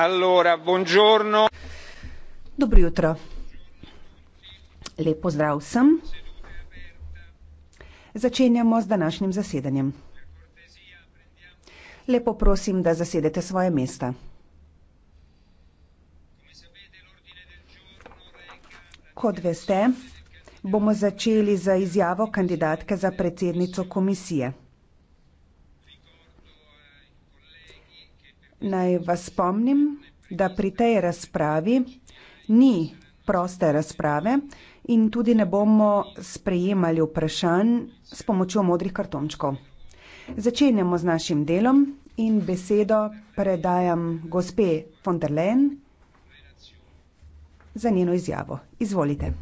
Allora, buongiorno. Dobro jutro. Lepo zdrav vsem. Začenjamo z današnjim zasedanjem. Lepo prosim, da zasedete svoje mesta. Kot veste, bomo začeli z izjavo kandidatke za predsednico komisije. Naj vas spomnim, da pri tej razpravi ni proste razprave in tudi ne bomo sprejemali vprašanj s pomočjo modrih kartončkov. Začenjamo z našim delom in besedo predajam gospe von der Leyen za njeno izjavo. Izvolite.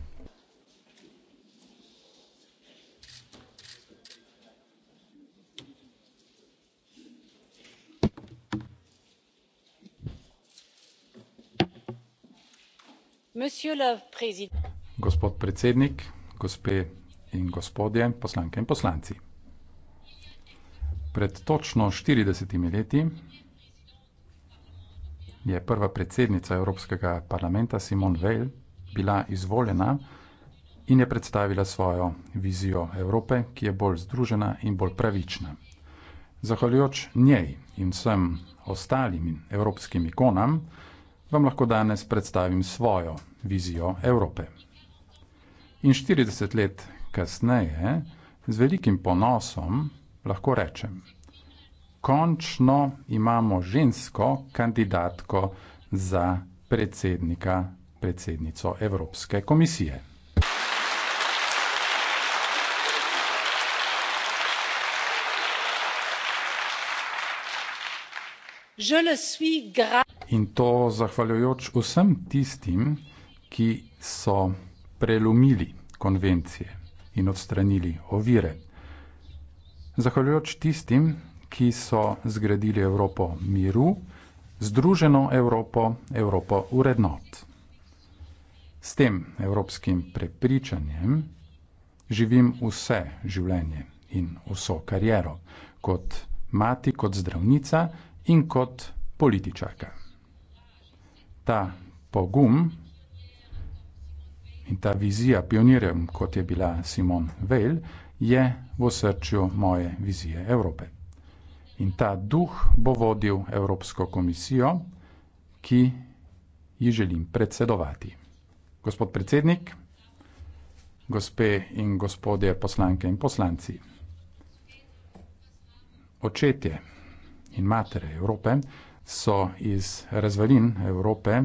Gospod predsednik, gospe in gospodje, poslanke in poslanci. Pred točno štiridesetimi leti je prva predsednica Evropskega parlamenta Simone Veil bila izvoljena in je predstavila svojo vizijo Evrope, ki je bolj združena in bolj pravična. Zahvaljujoč njej in vsem ostalim evropskim ikonam vam lahko danes predstavim svojo vizijo Evrope. In 40 let kasneje, z velikim ponosom, lahko rečem, končno imamo žensko kandidatko za predsednika, predsednico Evropske komisije. In to zahvaljujoč vsem tistim, ki so prelomili konvencije in odstranili ovire. Zahvaljujoč tistim, ki so zgradili Evropo miru, združeno Evropo, Evropo urednot. S tem evropskim prepričanjem živim vse življenje in vso kariero, kot mati, kot zdravnica in kot političarka. Ta pogum In ta vizija pionirjem, kot je bila Simon Veil, je v srčju moje vizije Evrope. In ta duh bo vodil Evropsko komisijo, ki ji želim predsedovati. Gospod predsednik, gospe in gospodje poslanke in poslanci, očetje in matere Evrope so iz razvalin Evrope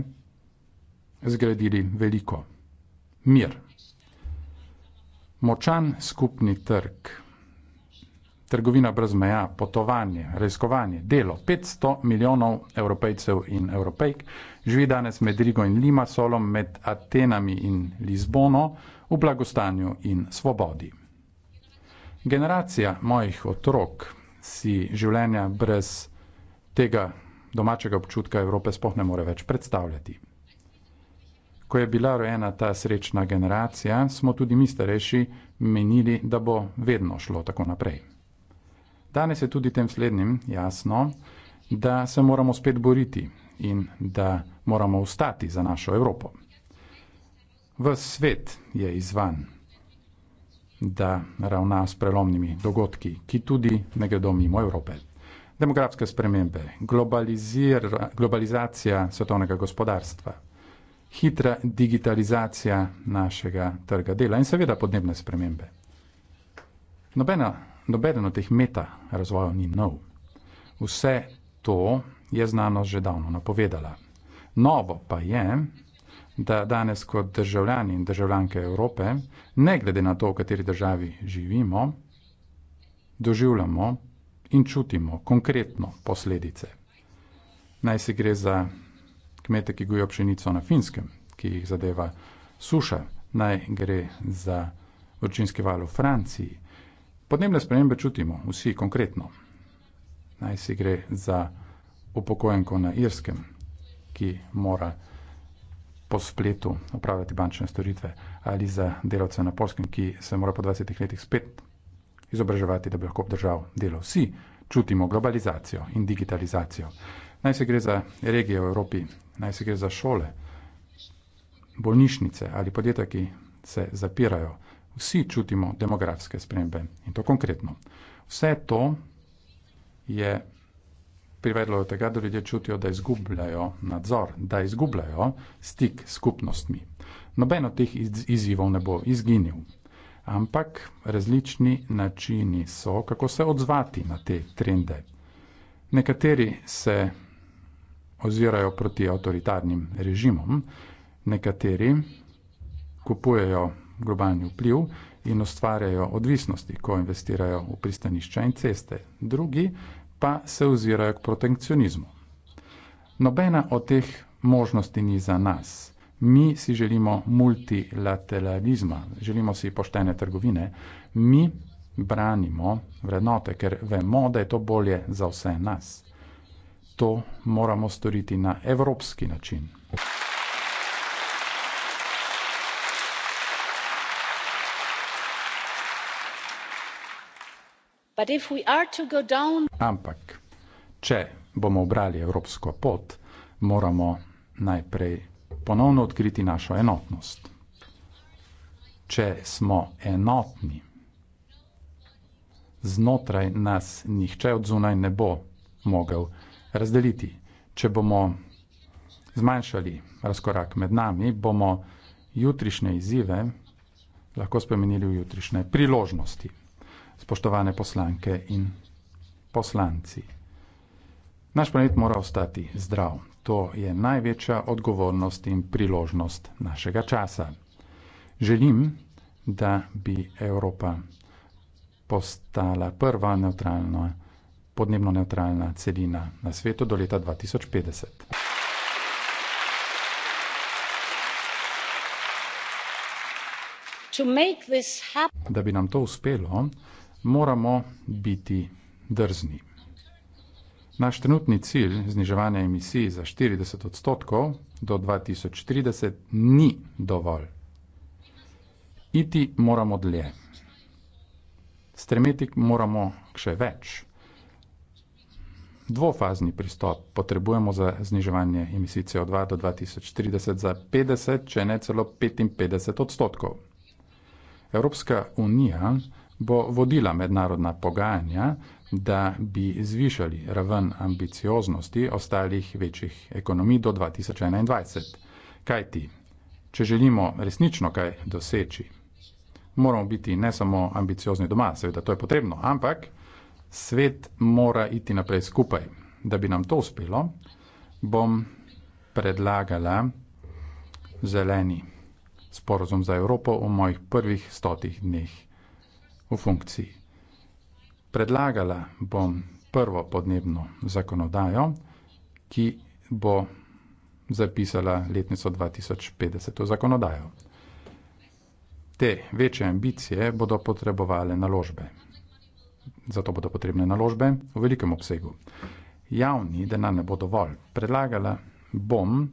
zgradili veliko mir. Močan skupni trg, trgovina brez meja, potovanje, raziskovanje, delo. 500 milijonov evropejcev in evropejk živi danes med Rigo in Limasolom, med Atenami in Lizbono v blagostanju in svobodi. Generacija mojih otrok si življenja brez tega domačega občutka Evrope sploh ne more več predstavljati ko je bila rojena ta srečna generacija, smo tudi mi starejši menili, da bo vedno šlo tako naprej. Danes je tudi tem slednjim jasno, da se moramo spet boriti in da moramo ustati za našo Evropo. Ves svet je izvan, da ravna s prelomnimi dogodki, ki tudi ne gredo mimo Evrope. Demografske spremembe, globalizacija svetovnega gospodarstva, hitra digitalizacija našega trga dela in seveda podnebne spremembe. Nobena, nobeden od teh meta razvojev ni nov. Vse to je znanost že davno napovedala. Novo pa je, da danes kot državljani in državljanke Evrope, ne glede na to, v kateri državi živimo, doživljamo in čutimo konkretno posledice. Naj si gre za kmete, ki gojijo pšenico na finskem, ki jih zadeva suša, naj gre za vročinski val v Franciji. Podnebne spremembe čutimo vsi konkretno. Naj si gre za upokojenko na Irskem, ki mora po spletu opravljati bančne storitve, ali za delavce na Polskem, ki se mora po 20 letih spet izobraževati, da bi lahko obdržal delo. Vsi čutimo globalizacijo in digitalizacijo. Naj se gre za regije v Evropi, naj se gre za šole, bolnišnice ali podjetja, ki se zapirajo. Vsi čutimo demografske spremembe in to konkretno. Vse to je privedlo do tega, da ljudje čutijo, da izgubljajo nadzor, da izgubljajo stik s skupnostmi. Noben od teh iz izzivov ne bo izginil, ampak različni načini so, kako se odzvati na te trende. Nekateri se ozirajo proti avtoritarnim režimom. Nekateri kupujejo globalni vpliv in ustvarjajo odvisnosti, ko investirajo v pristanišča in ceste. Drugi pa se ozirajo k protekcionizmu. Nobena od teh možnosti ni za nas. Mi si želimo multilateralizma, želimo si poštene trgovine, mi branimo vrednote, ker vemo, da je to bolje za vse nas to moramo storiti na evropski način. Ampak, če bomo obrali evropsko pot, moramo najprej ponovno odkriti našo enotnost. Če smo enotni, znotraj nas nihče od zunaj ne bo mogel razdeliti. Če bomo zmanjšali razkorak med nami, bomo jutrišnje izzive lahko spremenili v jutrišnje priložnosti, spoštovane poslanke in poslanci. Naš planet mora ostati zdrav. To je največja odgovornost in priložnost našega časa. Želim, da bi Evropa postala prva neutralna država podnebno neutralna celina na svetu do leta 2050. Da bi nam to uspelo, moramo biti drzni. Naš trenutni cilj zniževanja emisij za 40 odstotkov do 2030 ni dovolj. Iti moramo dlje. Stremeti moramo k še več dvofazni pristop potrebujemo za zniževanje emisij CO2 do 2030 za 50, če ne celo 55 odstotkov. Evropska unija bo vodila mednarodna pogajanja, da bi zvišali raven ambicioznosti ostalih večjih ekonomij do 2021. Kaj ti, če želimo resnično kaj doseči? Moramo biti ne samo ambiciozni doma, seveda to je potrebno, ampak svet mora iti naprej skupaj. Da bi nam to uspelo, bom predlagala zeleni sporozum za Evropo v mojih prvih stotih dneh v funkciji. Predlagala bom prvo podnebno zakonodajo, ki bo zapisala letnico 2050 v zakonodajo. Te večje ambicije bodo potrebovale naložbe zato bodo potrebne naložbe v velikem obsegu. Javni denar ne bo dovolj. Predlagala bom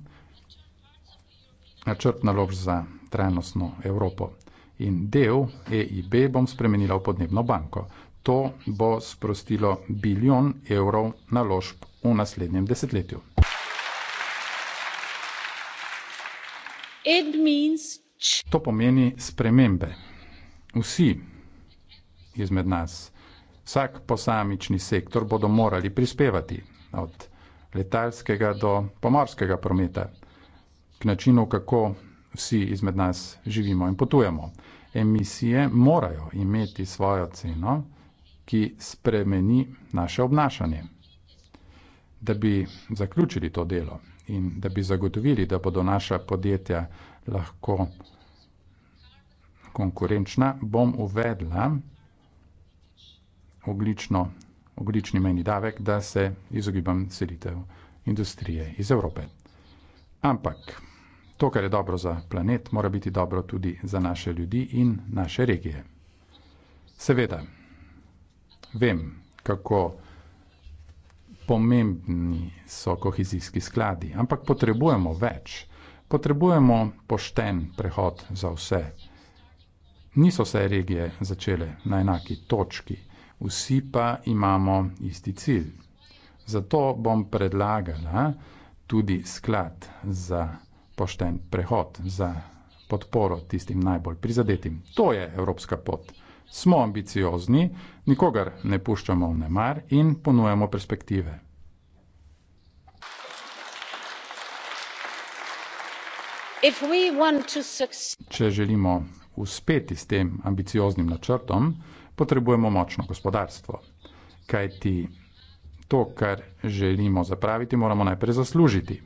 načrt nalož za trajnostno Evropo in del EIB bom spremenila v podnebno banko. To bo sprostilo bilijon evrov naložb v naslednjem desetletju. To pomeni spremembe. Vsi izmed nas vsak posamični sektor bodo morali prispevati, od letalskega do pomorskega prometa, k načinu, kako vsi izmed nas živimo in potujemo. Emisije morajo imeti svojo ceno, ki spremeni naše obnašanje. Da bi zaključili to delo in da bi zagotovili, da bodo naša podjetja lahko konkurenčna, bom uvedla oglično, oglični meni davek, da se izogibam selitev industrije iz Evrope. Ampak to, kar je dobro za planet, mora biti dobro tudi za naše ljudi in naše regije. Seveda, vem, kako pomembni so kohezijski skladi, ampak potrebujemo več. Potrebujemo pošten prehod za vse. Niso vse regije začele na enaki točki vsi pa imamo isti cilj. Zato bom predlagala tudi sklad za pošten prehod, za podporo tistim najbolj prizadetim. To je evropska pot. Smo ambiciozni, nikogar ne puščamo v nemar in ponujemo perspektive. Če želimo uspeti s tem ambicioznim načrtom, potrebujemo močno gospodarstvo. Kaj ti to, kar želimo zapraviti, moramo najprej zaslužiti.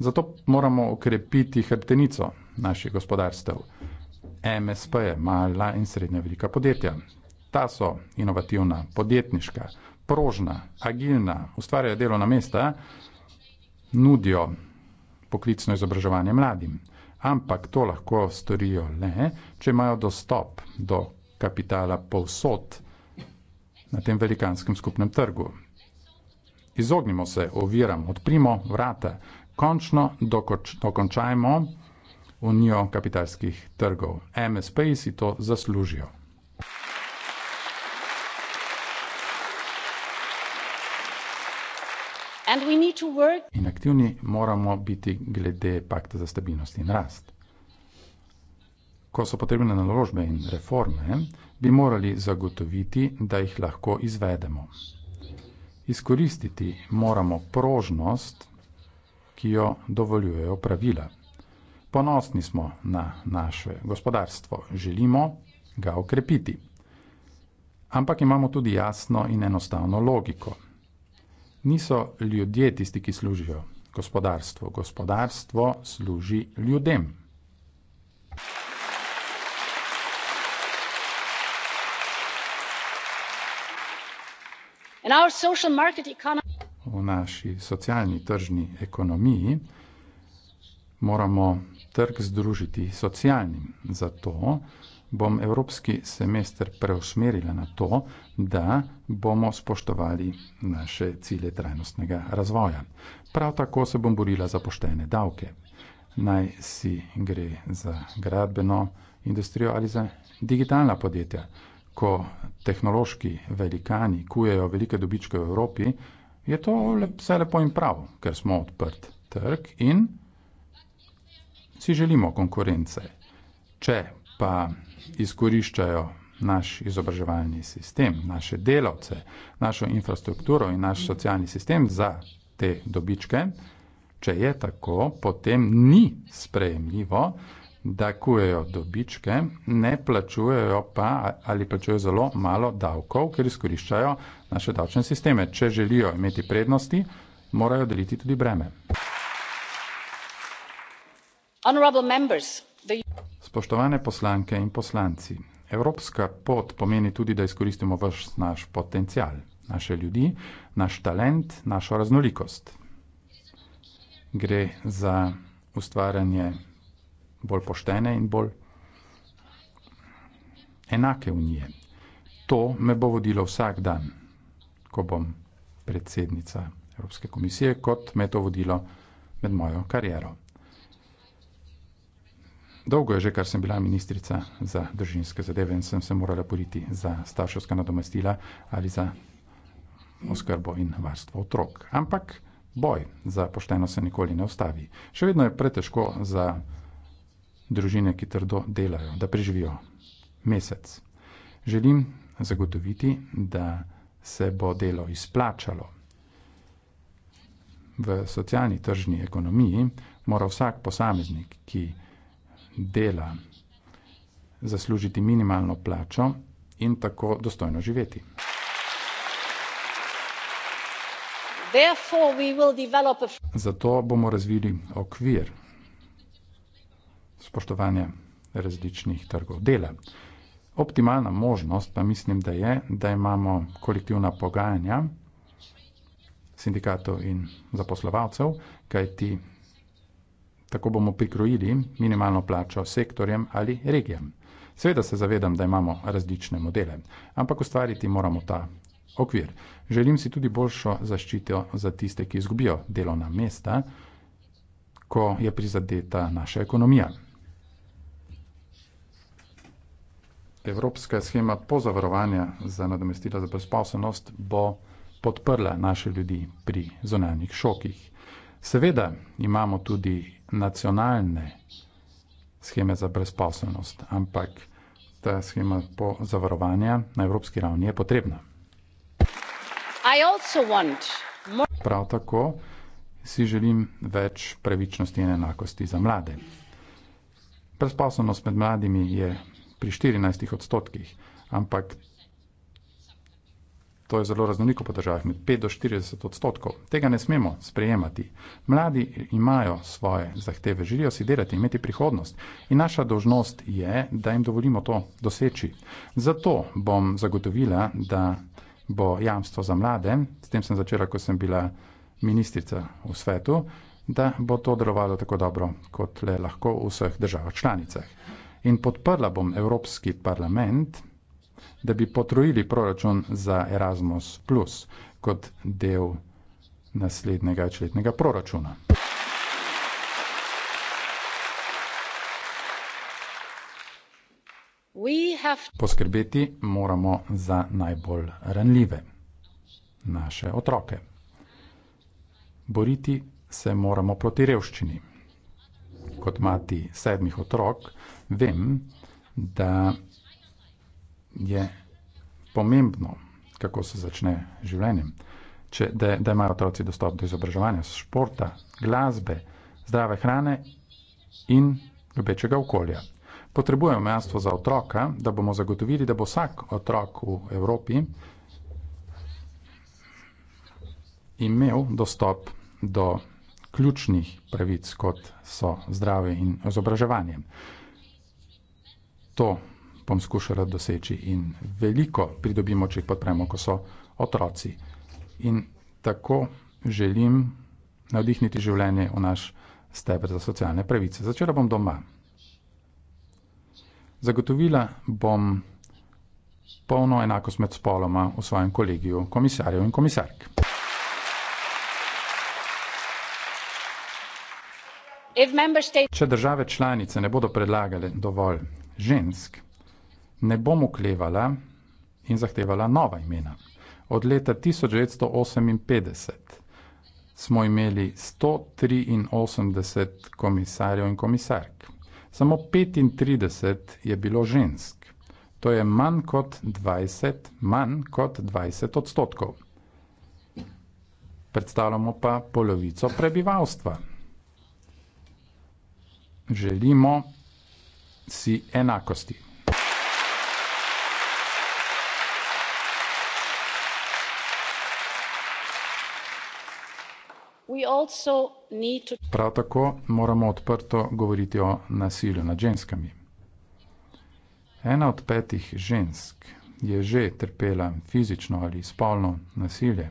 Zato moramo okrepiti hrbtenico naših gospodarstev, MSP, mala in srednja velika podjetja. Ta so inovativna, podjetniška, prožna, agilna, ustvarjajo delovna mesta, nudijo poklicno izobraževanje mladim. Ampak to lahko storijo le, če imajo dostop do kapitala povsod na tem velikanskem skupnem trgu. Izognimo se, oviram, odprimo vrata, končno dokončajmo unijo kapitalskih trgov. MSP-ji si to zaslužijo. In aktivni moramo biti glede pakta za stabilnost in rast ko so potrebne naložbe in reforme, bi morali zagotoviti, da jih lahko izvedemo. Izkoristiti moramo prožnost, ki jo dovoljujejo pravila. Ponosni smo na naše gospodarstvo, želimo ga ukrepiti. Ampak imamo tudi jasno in enostavno logiko. Niso ljudje tisti, ki služijo gospodarstvo. Gospodarstvo služi ljudem. V naši socialni tržni ekonomiji moramo trg združiti s socialnim. Zato bom evropski semester preusmerila na to, da bomo spoštovali naše cilje trajnostnega razvoja. Prav tako se bom borila za poštene davke. Naj si gre za gradbeno industrijo ali za digitalna podjetja ko tehnološki velikani kujejo velike dobičke v Evropi, je to vse lepo in prav, ker smo odprt trg in si želimo konkurence. Če pa izkoriščajo naš izobraževalni sistem, naše delavce, našo infrastrukturo in naš socialni sistem za te dobičke, če je tako, potem ni sprejemljivo, da kujejo dobičke, ne plačujejo pa ali plačujejo zelo malo davkov, ker izkoriščajo naše davčne sisteme. Če želijo imeti prednosti, morajo deliti tudi breme. Spoštovane poslanke in poslanci, evropska pot pomeni tudi, da izkoristimo vrš naš potencial, naše ljudi, naš talent, našo raznolikost. Gre za ustvarjanje bolj poštene in bolj enake v nje. To me bo vodilo vsak dan, ko bom predsednica Evropske komisije, kot me to vodilo med mojo kariero. Dolgo je že, kar sem bila ministrica za družinske zadeve in sem se morala poriti za starševska nadomestila ali za oskrbo in varstvo otrok. Ampak boj za pošteno se nikoli ne ostavi. Še vedno je pretežko za družine, ki trdo delajo, da preživijo mesec. Želim zagotoviti, da se bo delo izplačalo. V socialni tržni ekonomiji mora vsak posameznik, ki dela, zaslužiti minimalno plačo in tako dostojno živeti. Zato bomo razvili okvir spoštovanje različnih trgov dela. Optimalna možnost pa mislim, da je, da imamo kolektivna pogajanja sindikatov in zaposlovalcev, kajti tako bomo prikrojili minimalno plačo sektorjem ali regijam. Seveda se zavedam, da imamo različne modele, ampak ustvariti moramo ta okvir. Želim si tudi boljšo zaščito za tiste, ki izgubijo delovna mesta, ko je prizadeta naša ekonomija. evropska schema pozavarovanja za nadomestila za brezposobnost bo podprla naše ljudi pri zonalnih šokih. Seveda imamo tudi nacionalne scheme za brezposobnost, ampak ta schema pozavarovanja na evropski ravni je potrebna. Prav tako si želim več pravičnosti in enakosti za mlade. Brezposobnost med mladimi je pri 14 odstotkih, ampak to je zelo raznoliko po državah, med 5 do 40 odstotkov. Tega ne smemo sprejemati. Mladi imajo svoje zahteve, želijo si delati, imeti prihodnost in naša dožnost je, da jim dovolimo to doseči. Zato bom zagotovila, da bo jamstvo za mlade, s tem sem začela, ko sem bila ministrica v svetu, da bo to delovalo tako dobro, kot le lahko v vseh državah članicah in podprla bom Evropski parlament, da bi potrojili proračun za Erasmus, plus, kot del naslednjega večletnega proračuna. Poskrbeti moramo za najbolj ranljive, naše otroke. Boriti se moramo proti revščini. Kot mati sedmih otrok, Vem, da je pomembno, kako se začne življenje, če, da, da imajo otroci dostop do izobraževanja, športa, glasbe, zdrave hrane in ljubečega okolja. Potrebujemo mesto za otroka, da bomo zagotovili, da bo vsak otrok v Evropi imel dostop do ključnih pravic, kot so zdravje in izobraževanje to bom skušala doseči in veliko pridobimo, če jih podpremo, ko so otroci. In tako želim navdihniti življenje v naš steber za socialne pravice. Začela bom doma. Zagotovila bom polno enakost med spoloma v svojem kolegiju komisarjev in komisark. Če države članice ne bodo predlagale dovolj žensk, ne bom oklevala in zahtevala nova imena. Od leta 1958 smo imeli 183 komisarjev in komisark. Samo 35 je bilo žensk. To je manj kot 20, manj kot 20 odstotkov. Predstavljamo pa polovico prebivalstva. Želimo si enakosti. Prav tako moramo odprto govoriti o nasilju nad ženskami. Ena od petih žensk je že trpela fizično ali spolno nasilje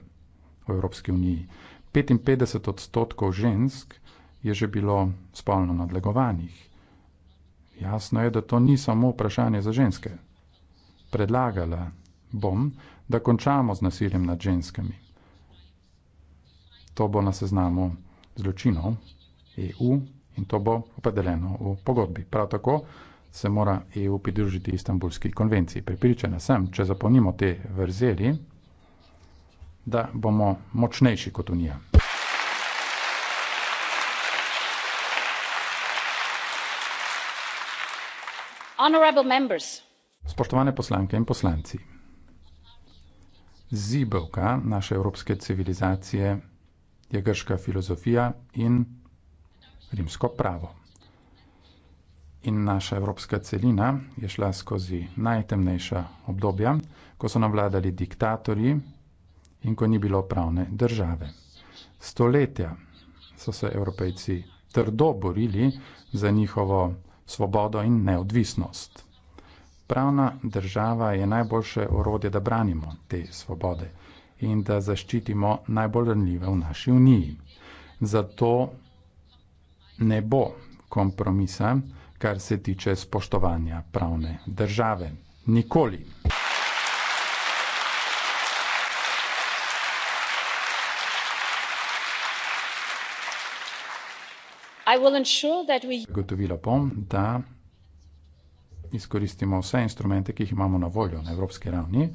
v Evropski uniji. 55 odstotkov žensk je že bilo spolno nadlegovanih. Jasno je, da to ni samo vprašanje za ženske. Predlagala bom, da končamo z nasiljem nad ženskami. To bo na seznamu zločinov EU in to bo opredeljeno v pogodbi. Prav tako se mora EU pridružiti istambulski konvenciji. Pripričana sem, če zapolnimo te vrzeli, da bomo močnejši kot Unija. Spoštovane poslanke in poslanci. Zibelka naše evropske civilizacije je grška filozofija in rimsko pravo. In naša evropska celina je šla skozi najtemnejša obdobja, ko so nam vladali diktatorji in ko ni bilo pravne države. Stoletja so se evropejci trdo borili za njihovo svobodo in neodvisnost. Pravna država je najboljše orodje, da branimo te svobode in da zaščitimo najbolj ranljive v naši uniji. Zato ne bo kompromisa, kar se tiče spoštovanja pravne države. Nikoli. Gotovila bom, da izkoristimo vse instrumente, ki jih imamo na voljo na evropski ravni.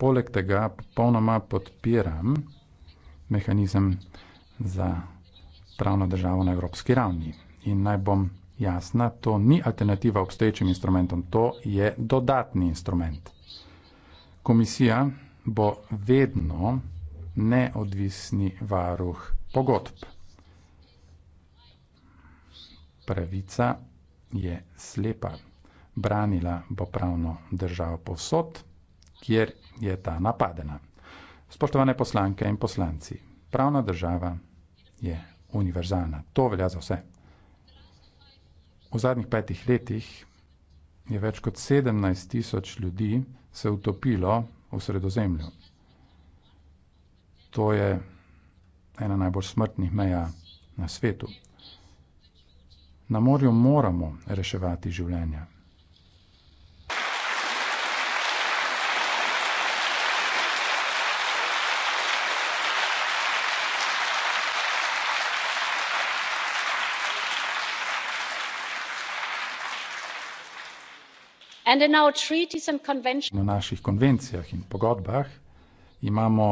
Poleg tega popolnoma podpiram mehanizem za pravno državo na evropski ravni. In naj bom jasna, to ni alternativa obstoječim instrumentom, to je dodatni instrument. Komisija bo vedno neodvisni varuh pogodb pravica je slepa. Branila bo pravno državo povsod, kjer je ta napadena. Spoštovane poslanke in poslanci, pravna država je univerzalna. To velja za vse. V zadnjih petih letih je več kot 17 tisoč ljudi se utopilo v sredozemlju. To je ena najbolj smrtnih meja na svetu na morju moramo reševati življenja. Na naših konvencijah in pogodbah imamo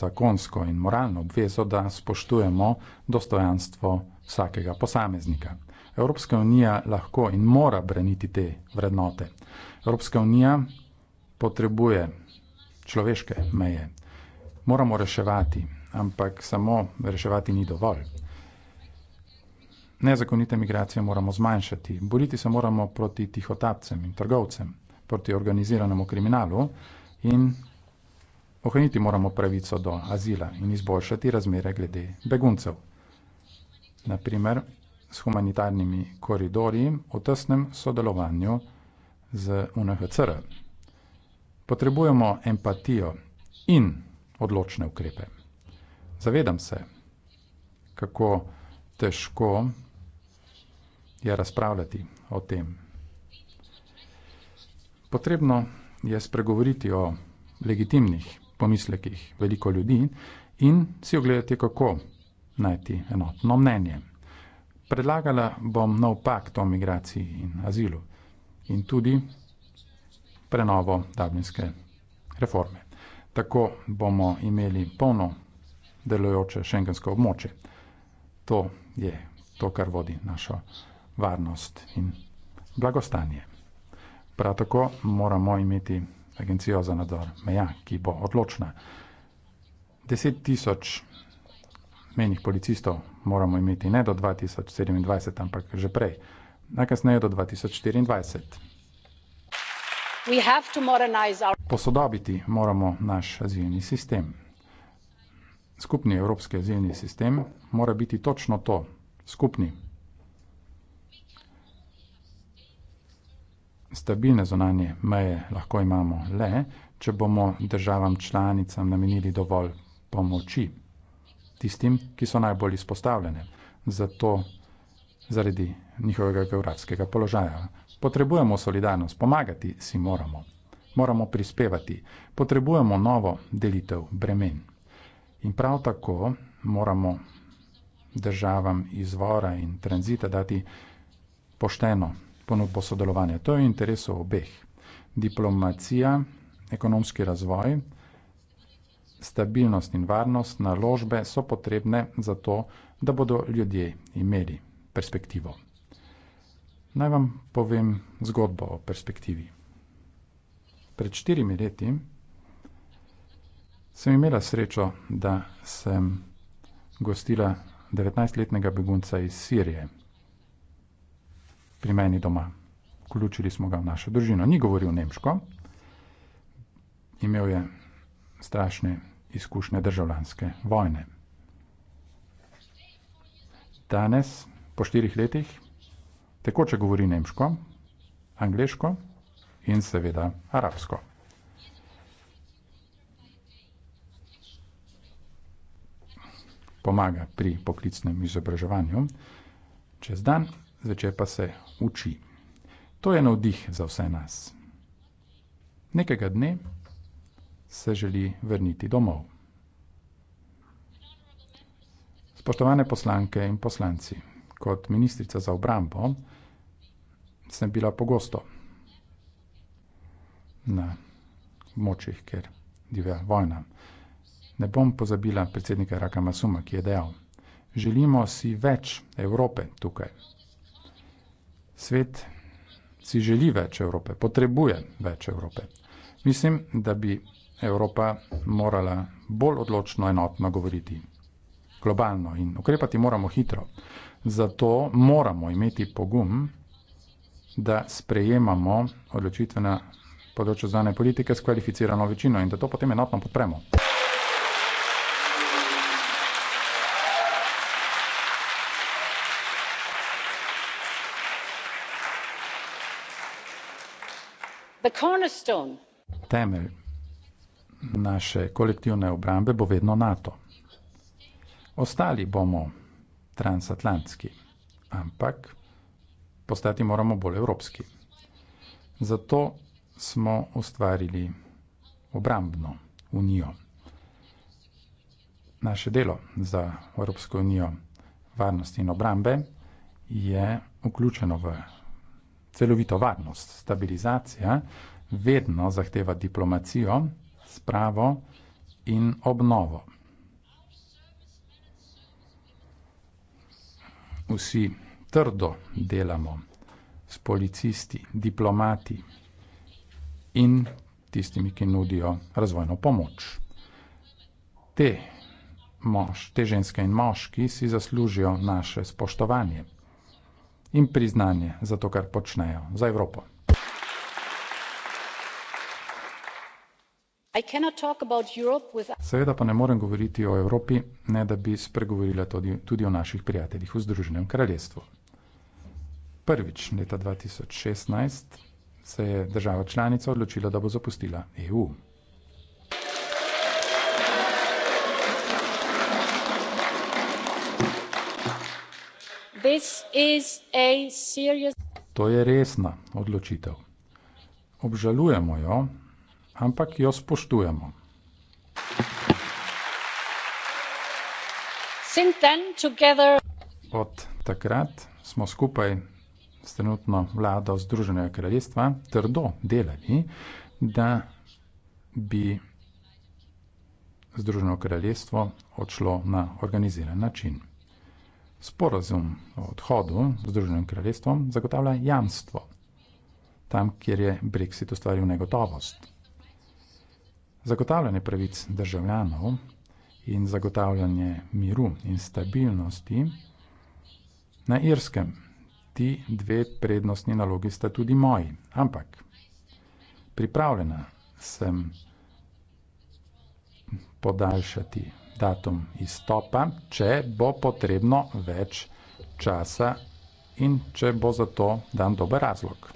zakonsko in moralno obvezo, da spoštujemo dostojanstvo vsakega posameznika. Evropska unija lahko in mora braniti te vrednote. Evropska unija potrebuje človeške meje. Moramo reševati, ampak samo reševati ni dovolj. Nezakonite migracije moramo zmanjšati. Boriti se moramo proti tihotapcem in trgovcem, proti organiziranemu kriminalu in ohraniti moramo pravico do azila in izboljšati razmere glede beguncev. Naprimer, s humanitarnimi koridorji v tesnem sodelovanju z UNHCR. Potrebujemo empatijo in odločne ukrepe. Zavedam se, kako težko je razpravljati o tem. Potrebno je spregovoriti o legitimnih pomislekih veliko ljudi in si ogledati, kako najti enotno mnenje predlagala bom nov pakt o migraciji in azilu in tudi prenovo dublinske reforme. Tako bomo imeli polno delujoče šengensko območje. To je to, kar vodi našo varnost in blagostanje. Prav tako moramo imeti agencijo za nadzor meja, ki bo odločna. 10 tisoč menih policistov moramo imeti ne do 2027, ampak že prej, najkasneje do 2024. Posodobiti moramo naš azilni sistem. Skupni evropski azilni sistem mora biti točno to, skupni. Stabilne zonanje meje lahko imamo le, če bomo državam članicam namenili dovolj pomoči tistim, ki so najbolj izpostavljene. Zato zaradi njihovega geografskega položaja. Potrebujemo solidarnost, pomagati si moramo. Moramo prispevati. Potrebujemo novo delitev bremen. In prav tako moramo državam izvora in tranzita dati pošteno ponudbo sodelovanja. To je v interesu obeh. Diplomacija, ekonomski razvoj, Stabilnost in varnost naložbe so potrebne za to, da bodo ljudje imeli perspektivo. Naj vam povem zgodbo o perspektivi. Pred štirimi leti sem imela srečo, da sem gostila 19-letnega begunca iz Sirije pri meni doma. Vključili smo ga v našo družino. Ni govoril nemško, imel je strašne izkušnje državljanske vojne. Danes, po štirih letih, tekoče govori nemško, angliško in seveda arabsko. Pomaga pri poklicnem izobraževanju, čez dan, zvečer pa se uči. To je navdih za vse nas. Nekega dne se želi vrniti domov. Spoštovane poslanke in poslanci, kot ministrica za obrambo sem bila pogosto na močih, kjer divja vojna. Ne bom pozabila predsednika Raka Masuma, ki je dejal, želimo si več Evrope tukaj. Svet si želi več Evrope, potrebuje več Evrope. Mislim, da bi Evropa morala bolj odločno enotno govoriti globalno in ukrepati moramo hitro. Zato moramo imeti pogum, da sprejemamo odločitve na področju znane politike s kvalificirano večino in da to potem enotno podpremo. The cornerstone. Temelj naše kolektivne obrambe bo vedno NATO. Ostali bomo transatlantski, ampak postati moramo bolj evropski. Zato smo ustvarili obrambno unijo. Naše delo za Evropsko unijo varnosti in obrambe je vključeno v celovito varnost. Stabilizacija vedno zahteva diplomacijo, spravo in obnovo. Vsi trdo delamo s policisti, diplomati in tistimi, ki nudijo razvojno pomoč. Te, mož, te ženske in moški si zaslužijo naše spoštovanje in priznanje za to, kar počnejo za Evropo. Seveda pa ne morem govoriti o Evropi, ne da bi spregovorila tudi, tudi o naših prijateljih v Združenem kraljestvu. Prvič, leta 2016, se je država članica odločila, da bo zapustila EU. To je resna odločitev. Obžalujemo jo, ampak jo spoštujemo. Od takrat smo skupaj s trenutno vlado Združenega kraljestva trdo delali, da bi Združeno kraljestvo odšlo na organiziran način. Sporazum o odhodu Združenim kraljestvom zagotavlja jamstvo tam, kjer je Brexit ustvaril negotovost. Zagotavljanje pravic državljanov in zagotavljanje miru in stabilnosti na Irskem, ti dve prednostni nalogi sta tudi moji, ampak pripravljena sem podaljšati datum izstopa, če bo potrebno več časa in če bo za to dan dober razlog.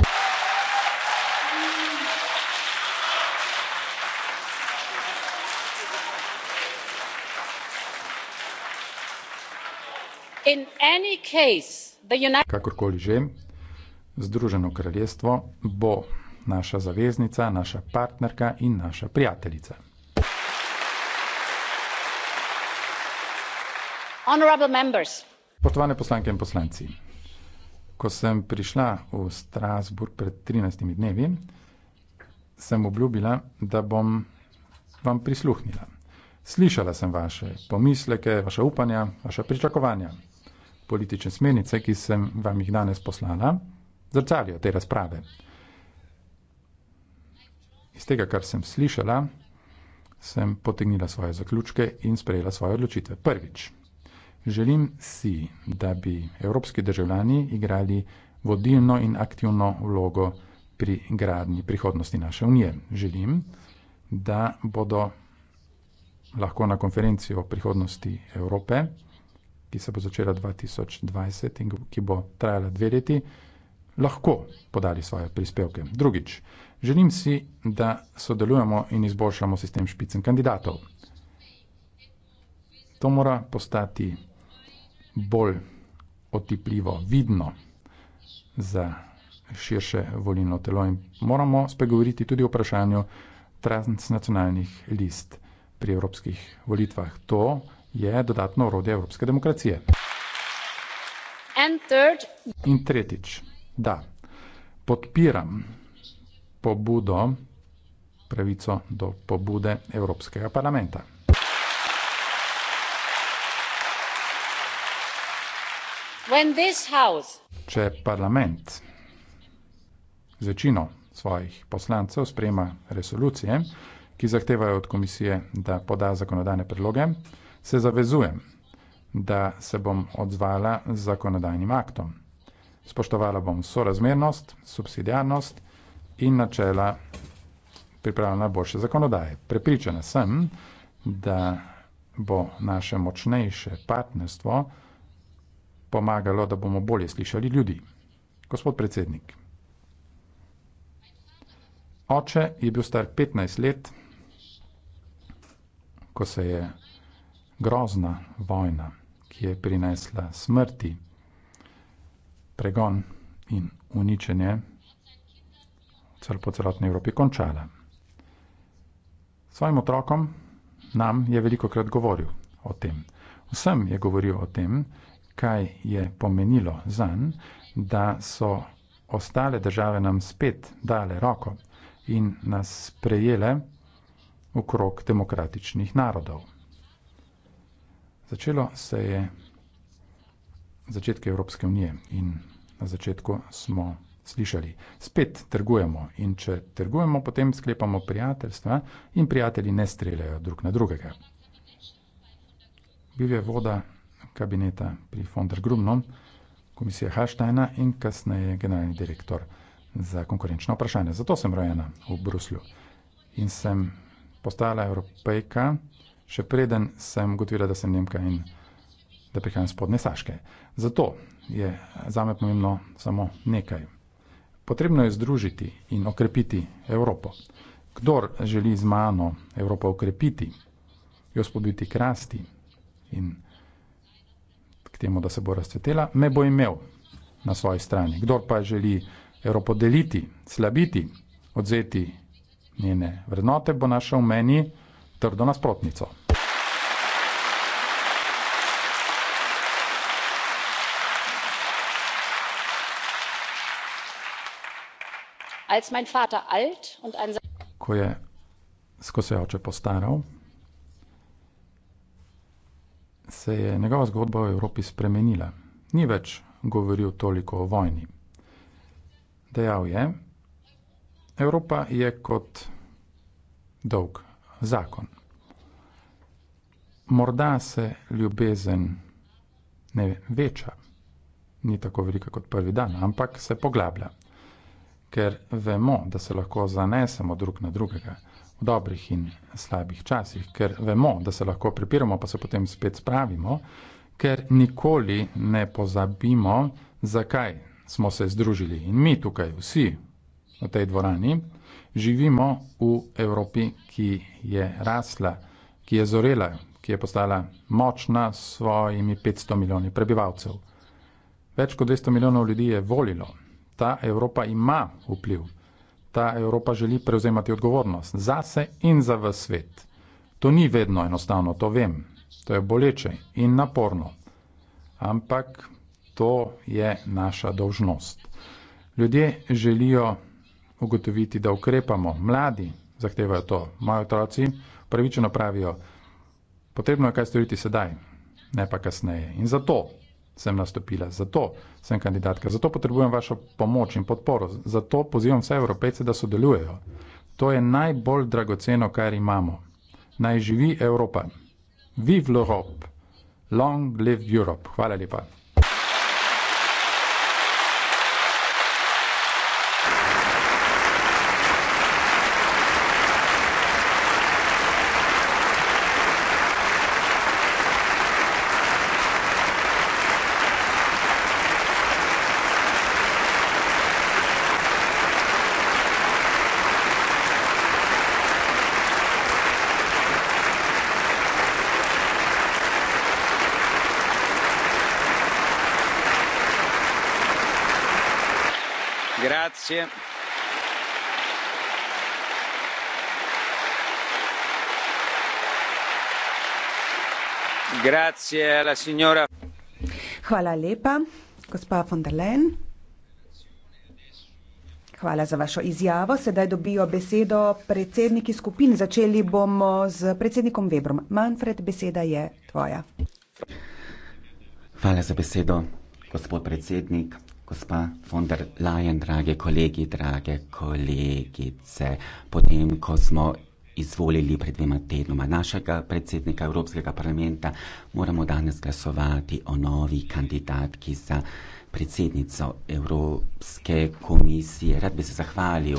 Kakorkoli že, Združeno kraljestvo bo naša zaveznica, naša partnerka in naša prijateljica. Spoštovane poslanke in poslanci, ko sem prišla v Strasburg pred 13 dnevi, sem obljubila, da bom vam prisluhnila. Slišala sem vaše pomisleke, vaše upanja, vaše pričakovanja politične smernice, ki sem vam jih danes poslala, zrcalijo te razprave. Iz tega, kar sem slišala, sem potegnila svoje zaključke in sprejela svoje odločitve. Prvič, želim si, da bi evropski državljani igrali vodilno in aktivno vlogo pri gradni prihodnosti naše unije. Želim, da bodo lahko na konferenci o prihodnosti Evrope ki se bo začela 2020 in ki bo trajala dve leti, lahko podali svoje prispevke. Drugič, želim si, da sodelujemo in izboljšamo sistem špicen kandidatov. To mora postati bolj otipljivo, vidno za širše volilno telo in moramo spregovoriti tudi o vprašanju transnacionalnih list pri evropskih volitvah. To je dodatno orodje evropske demokracije. In tretjič, da podpiram pobudo, pravico do pobude Evropskega parlamenta. Če parlament z večino svojih poslancev sprejema resolucije, ki zahtevajo od komisije, da poda zakonodajne predloge, se zavezujem, da se bom odzvala z zakonodajnim aktom. Spoštovala bom sorazmernost, subsidijarnost in načela pripravljena boljše zakonodaje. Prepričana sem, da bo naše močnejše partnerstvo pomagalo, da bomo bolje slišali ljudi. Gospod predsednik, oče je bil star 15 let, ko se je grozna vojna, ki je prinesla smrti, pregon in uničenje cel po celotni Evropi končala. Svojim otrokom nam je veliko krat govoril o tem. Vsem je govoril o tem, kaj je pomenilo zanj, da so ostale države nam spet dale roko in nas sprejele okrog demokratičnih narodov. Začelo se je začetke Evropske unije in na začetku smo slišali, spet trgujemo in če trgujemo, potem sklepamo prijateljstva in prijatelji ne streljajo drug na drugega. Bil je voda kabineta pri von der Grumno, komisija Haštajna in kasneje generalni direktor za konkurenčno vprašanje. Zato sem rojena v Bruslju in sem postala evropejka še preden sem ugotovila, da sem Nemka in da prihajam spodne Saške. Zato je za me pomembno samo nekaj. Potrebno je združiti in okrepiti Evropo. Kdor želi z mano Evropo okrepiti, jo spodbiti krasti in k temu, da se bo razcvetela, me bo imel na svoji strani. Kdor pa želi Evropo deliti, slabiti, odzeti njene vrednote, bo našel meni, trdo nasprotnico. Ko je skozi oče postaral, se je njegova zgodba v Evropi spremenila. Ni več govoril toliko o vojni. Dejal je, Evropa je kot dolg zakon morda se ljubezen ne veča, ni tako velika kot prvi dan, ampak se poglablja, ker vemo, da se lahko zanesemo drug na drugega v dobrih in slabih časih, ker vemo, da se lahko prepiramo, pa se potem spet spravimo, ker nikoli ne pozabimo, zakaj smo se združili. In mi tukaj, vsi v tej dvorani, živimo v Evropi, ki je rasla, ki je zorela, ki je postala močna s svojimi 500 milijoni prebivalcev. Več kot 200 milijonov ljudi je volilo. Ta Evropa ima vpliv. Ta Evropa želi prevzemati odgovornost za se in za v svet. To ni vedno enostavno, to vem. To je boleče in naporno. Ampak to je naša dolžnost. Ljudje želijo ugotoviti, da ukrepamo. Mladi zahtevajo to. Moji otroci pravično pravijo, Potrebno je kaj storiti sedaj, ne pa kasneje. In zato sem nastopila, zato sem kandidatka, zato potrebujem vašo pomoč in podporo, zato pozivam vse evropejce, da sodelujejo. To je najbolj dragoceno, kar imamo. Naj živi Evropa. Vive l'Europe. Long live Europe. Hvala lepa. grazie. Grazie alla signora. Hvala lepa, gospa von der Leyen. Hvala za vašo izjavo. Sedaj dobijo besedo predsedniki skupin. Začeli bomo z predsednikom Webrom. Manfred, beseda je tvoja. Hvala za besedo, gospod predsednik gospa von der Leyen, drage kolegi, drage kolegice. Potem, ko smo izvolili pred dvema tednoma našega predsednika Evropskega parlamenta, moramo danes glasovati o novi kandidatki za predsednico Evropske komisije. Rad bi se zahvalil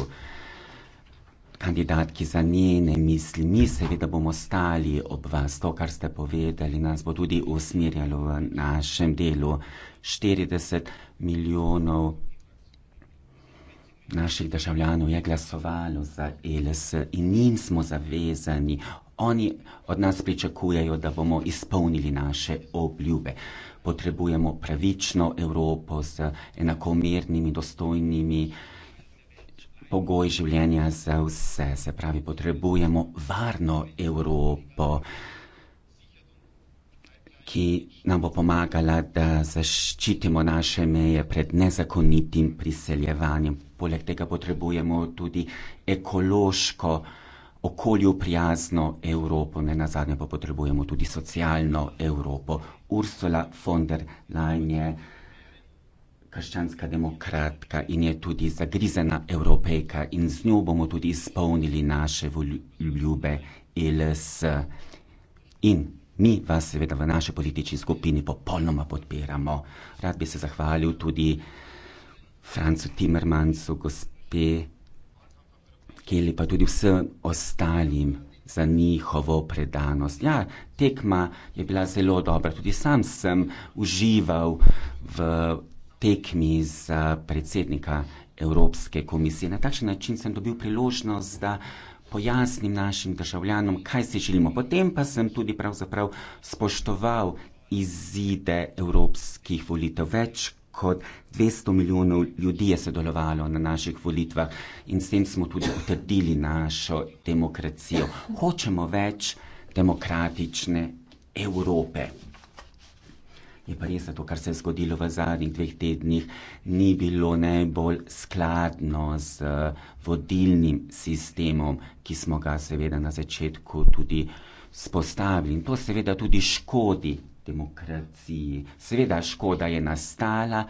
kandidatki za njene misli. Mi seveda bomo stali ob vas. To, kar ste povedali, nas bo tudi usmirjalo v našem delu. 40 milijonov naših državljanov je glasovalo za ELS in njim smo zavezani. Oni od nas pričakujejo, da bomo izpolnili naše obljube. Potrebujemo pravično Evropo z enakomernimi, dostojnimi pogoji življenja za vse. Se pravi, potrebujemo varno Evropo ki nam bo pomagala, da zaščitimo naše meje pred nezakonitim priseljevanjem. Poleg tega potrebujemo tudi ekološko, okolju prijazno Evropo, ne na zadnje pa potrebujemo tudi socialno Evropo. Ursula von der Leyen je krščanska demokratka in je tudi zagrizena evropejka in z njo bomo tudi izpolnili naše voljube ILS in Mi vas seveda v naši politični skupini popolnoma podpiramo. Rad bi se zahvalil tudi Francu Timmermansu, gospe Keli, pa tudi vsem ostalim za njihovo predanost. Ja, tekma je bila zelo dobra, tudi sam sem užival v tekmi za predsednika Evropske komisije. Na takšen način sem dobil priložnost, da pojasnim našim državljanom, kaj si želimo. Potem pa sem tudi pravzaprav spoštoval izide evropskih volitev. Več kot 200 milijonov ljudi je sodelovalo na naših volitvah in s tem smo tudi utrdili našo demokracijo. Hočemo več demokratične Evrope. Je pa res, da to, kar se je zgodilo v zadnjih dveh tednih, ni bilo najbolj skladno z eh, vodilnim sistemom, ki smo ga seveda na začetku tudi spostavili. In to seveda tudi škodi demokraciji. Seveda škoda je nastala,